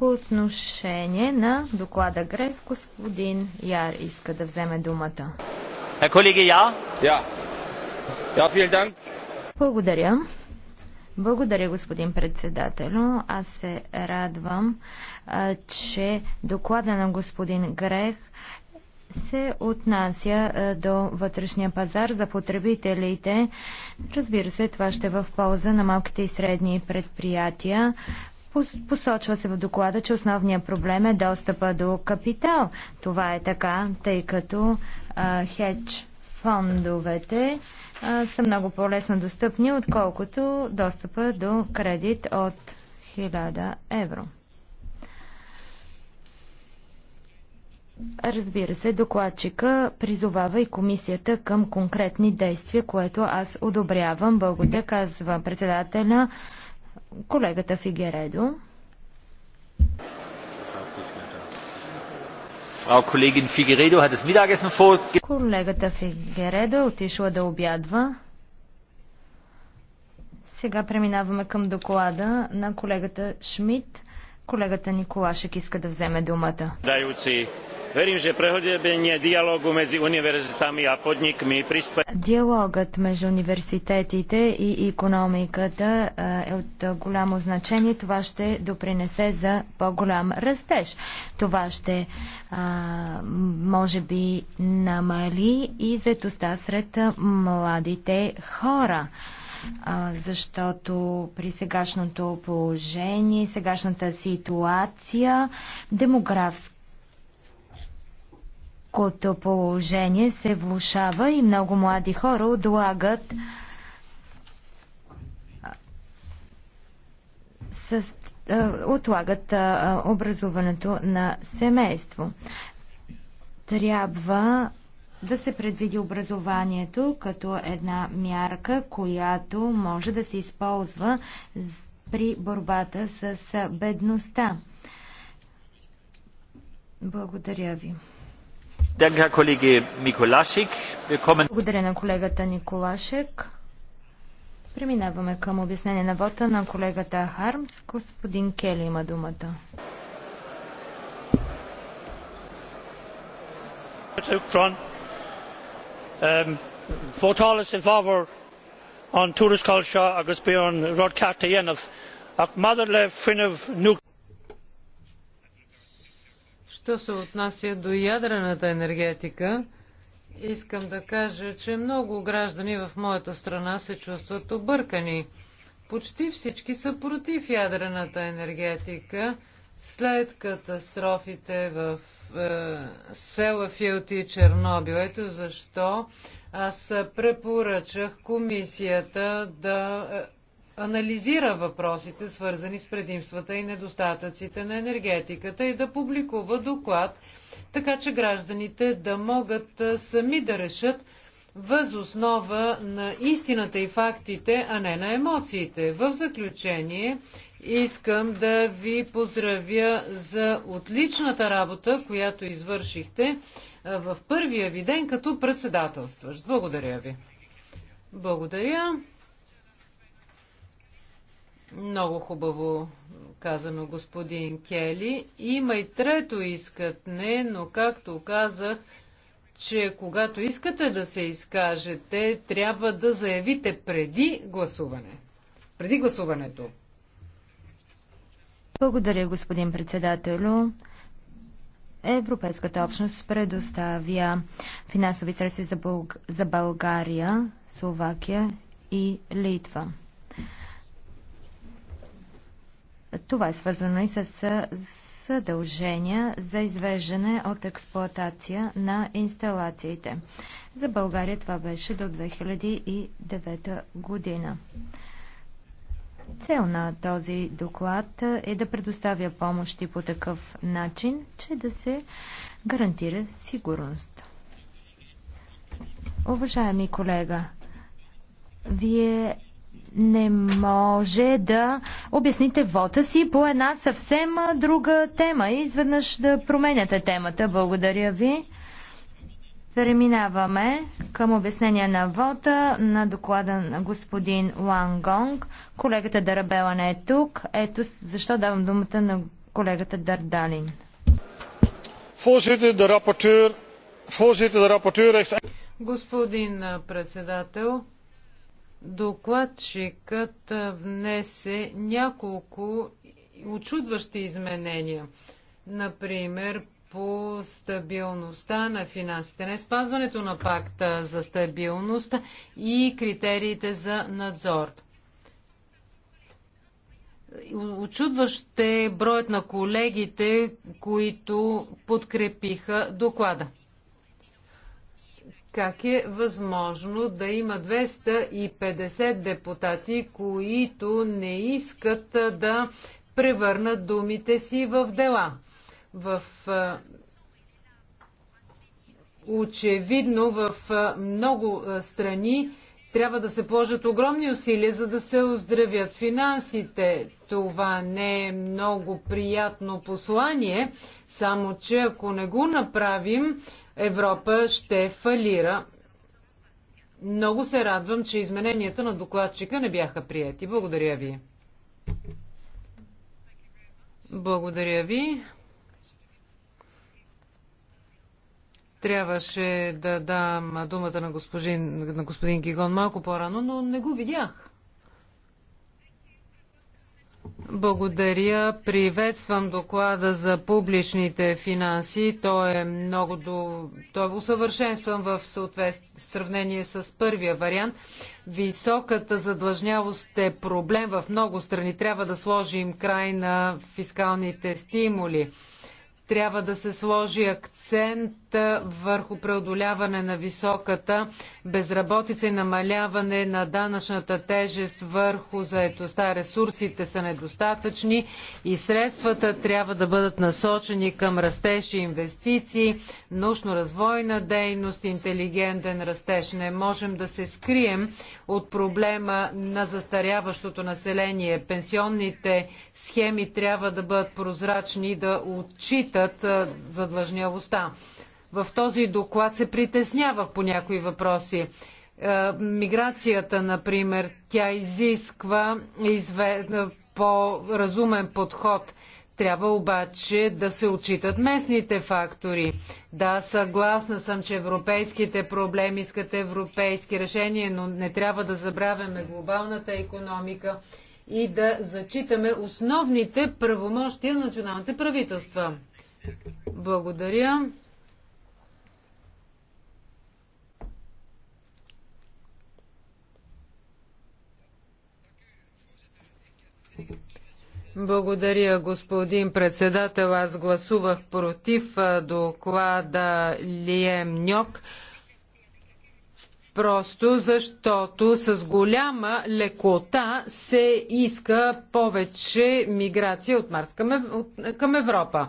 по отношение на доклада Грех, господин Яр иска да вземе думата. Е, колеги я? Я. Я, Благодаря. Благодаря, господин председател. Аз се радвам, че доклада на господин Грех се отнася до вътрешния пазар за потребителите. Разбира се, това ще е в полза на малките и средни предприятия. Посочва се в доклада, че основният проблем е достъпа до капитал. Това е така, тъй като а, хедж фондовете а, са много по-лесно достъпни, отколкото достъпа до кредит от 1000 евро. Разбира се, докладчика призовава и комисията към конкретни действия, което аз одобрявам. Благодаря, казва председателя. Колегата Фигередо. Колегата Фигередо е отишла да обядва. Сега преминаваме към доклада на колегата Шмидт. Колегата Николашек иска да вземе думата. Verím, že prehlbenie диалогу medzi univerzitami a podnikmi prispie... Диалогът между университетите и економиката е от голямо значение. Това ще допринесе за по-голям растеж. Това ще може би намали и заетостта сред младите хора защото при сегашното положение, сегашната ситуация, демографска Кото положение се влушава и много млади хора отлагат с, отлагат образуването на семейство. Трябва да се предвиди образованието като една мярка, която може да се използва при борбата с бедността. Благодаря ви. Благодаря на колегата Николашек. Преминаваме към обяснение на вота на колегата Хармс. Господин Кели има думата. Fótálas um, i bhábhar an tuarascáilte agus bíonn rud cearta dhéanamh ach maidir le Що се отнася до ядрената енергетика, искам да кажа, че много граждани в моята страна се чувстват объркани. Почти всички са против ядрената енергетика след катастрофите в е, села Филти и Чернобил. Ето защо аз препоръчах комисията да е, анализира въпросите, свързани с предимствата и недостатъците на енергетиката и да публикува доклад, така че гражданите да могат сами да решат въз основа на истината и фактите, а не на емоциите. В заключение искам да ви поздравя за отличната работа, която извършихте в първия ви ден като председателстваш. Благодаря ви. Благодаря. Много хубаво казано господин Кели. Има и трето искатне, но както казах, че когато искате да се изкажете, трябва да заявите преди гласуване. Преди гласуването. Благодаря, господин председателю. Европейската общност предоставя финансови средства за, Бълг... за България, Словакия и Литва. Това е свързано и с съдължения за извеждане от експлоатация на инсталациите. За България това беше до 2009 година. Цел на този доклад е да предоставя помощи по такъв начин, че да се гарантира сигурност. Уважаеми колега, вие не може да обясните вота си по една съвсем друга тема и изведнъж да променяте темата. Благодаря ви. Преминаваме към обяснение на вота на доклада на господин Лан Гонг. Колегата Дарабела не е тук. Ето защо давам думата на колегата Дардалин. Господин председател, докладчикът внесе няколко очудващи изменения. Например, по стабилността на финансите, не спазването на пакта за стабилност и критериите за надзор. Очудващ е броят на колегите, които подкрепиха доклада как е възможно да има 250 депутати, които не искат да превърнат думите си в дела. В очевидно в много страни трябва да се положат огромни усилия, за да се оздравят финансите. Това не е много приятно послание, само че ако не го направим, Европа ще фалира. Много се радвам, че измененията на докладчика не бяха прияти. Благодаря ви. Благодаря ви. Трябваше да дам думата на господин, на господин Гигон малко по-рано, но не го видях. Благодаря. Приветствам доклада за публичните финанси. Той е много до... Той е усъвършенстван в съответ... в сравнение с първия вариант. Високата задлъжнявост е проблем в много страни. Трябва да сложим край на фискалните стимули трябва да се сложи акцент върху преодоляване на високата безработица и намаляване на данъчната тежест върху заетостта. Ресурсите са недостатъчни и средствата трябва да бъдат насочени към растещи инвестиции, научно-развойна дейност, интелигентен растеж. Не можем да се скрием от проблема на застаряващото население. Пенсионните схеми трябва да бъдат прозрачни и да отчитат отчитат задлъжнявостта. В този доклад се притеснявах по някои въпроси. Миграцията, например, тя изисква изве... по-разумен подход. Трябва обаче да се отчитат местните фактори. Да, съгласна съм, че европейските проблеми искат европейски решения, но не трябва да забравяме глобалната економика и да зачитаме основните правомощия на националните правителства. Благодаря. Благодаря, господин председател. Аз гласувах против доклада Лием Ньок, просто защото с голяма лекота се иска повече миграция от Марс към Европа.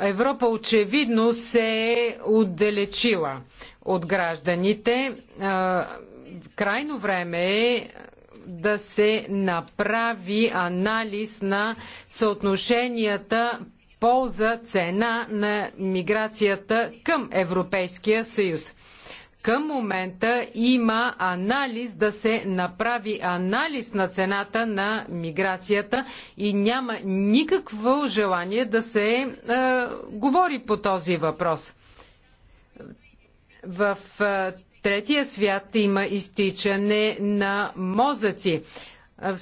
Европа очевидно се е отдалечила от гражданите. Крайно време е да се направи анализ на съотношенията полза-цена на миграцията към Европейския съюз към момента има анализ да се направи анализ на цената на миграцията и няма никакво желание да се е, говори по този въпрос. В е, третия свят има изтичане на мозъци е,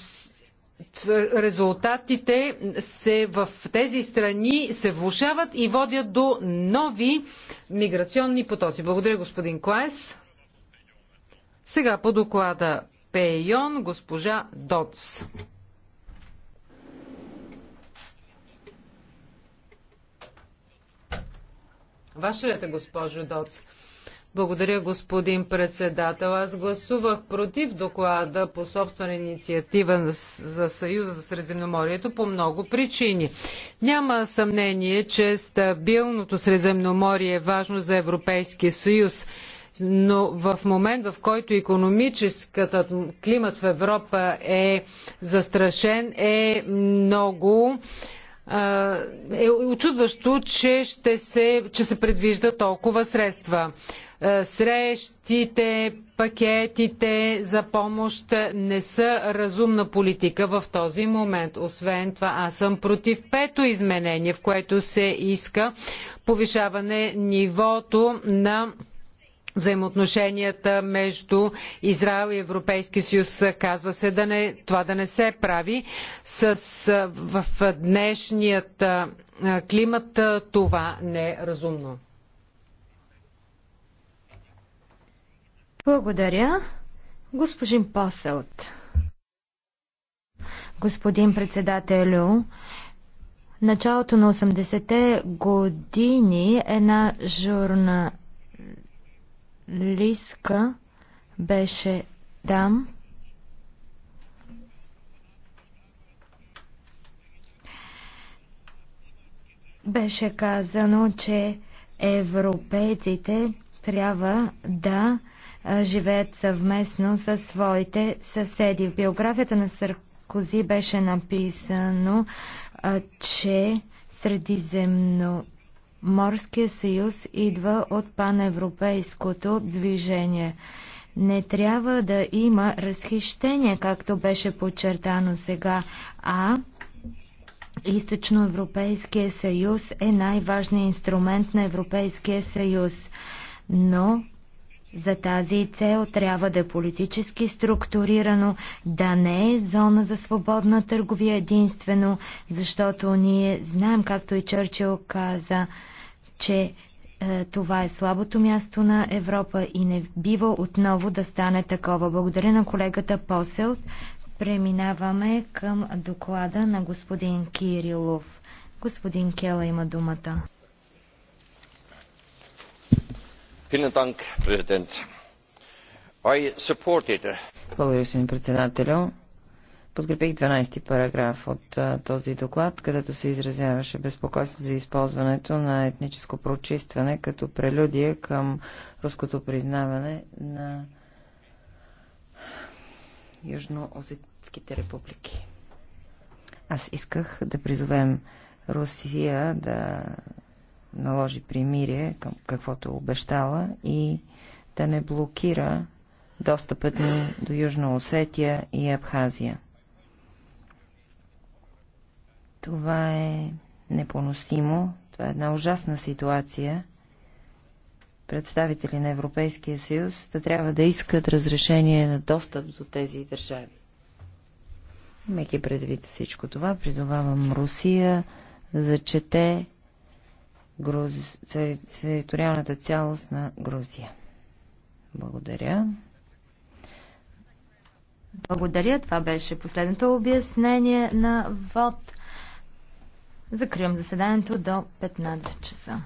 резултатите се, в тези страни се влушават и водят до нови миграционни потоци. Благодаря, господин Клайс. Сега по доклада Пейон, госпожа Доц. Ваша ред госпожо Доц. Благодаря, господин председател. Аз гласувах против доклада по собствена инициатива за Съюза за Средиземноморието по много причини. Няма съмнение, че стабилното Средиземноморие е важно за Европейския съюз. Но в момент, в който економическата климат в Европа е застрашен, е много е очудващо, че, ще се, че се предвижда толкова средства. Срещите, пакетите за помощ не са разумна политика в този момент. Освен това, аз съм против пето изменение, в което се иска повишаване нивото на взаимоотношенията между Израел и Европейския съюз. Казва се да не, това да не се прави. С, в днешният климат това не е разумно. Благодаря. Господин Поселт. Господин председателю, началото на 80-те години една журна Лиска беше там. Беше казано, че европейците трябва да живеят съвместно със своите съседи. В биографията на Саркози беше написано, че Средиземно Морския съюз идва от паневропейското движение. Не трябва да има разхищение, както беше подчертано сега, а Източноевропейския съюз е най-важният инструмент на Европейския съюз. Но за тази цел трябва да е политически структурирано, да не е зона за свободна търговия единствено, защото ние знаем, както и Чърчил каза, че е, това е слабото място на Европа и не бива отново да стане такова. Благодаря на колегата Поселт. Преминаваме към доклада на господин Кирилов. Господин Кела има думата. Благодаря, господин председател. Подкрепих 12 параграф от а, този доклад, където се изразяваше безпокойство за използването на етническо прочистване като прелюдия към руското признаване на Южноосетските републики. Аз исках да призовем Русия да наложи примирие към каквото обещала и да не блокира достъпът ни до Южна Осетия и Абхазия. Това е непоносимо. Това е една ужасна ситуация. Представители на Европейския съюз да трябва да искат разрешение на достъп до тези държави. Имайки предвид всичко това, призовавам Русия да зачете Груз... териториалната цялост на Грузия. Благодаря. Благодаря. Това беше последното обяснение на ВОД. Закривам заседанието до 15 часа.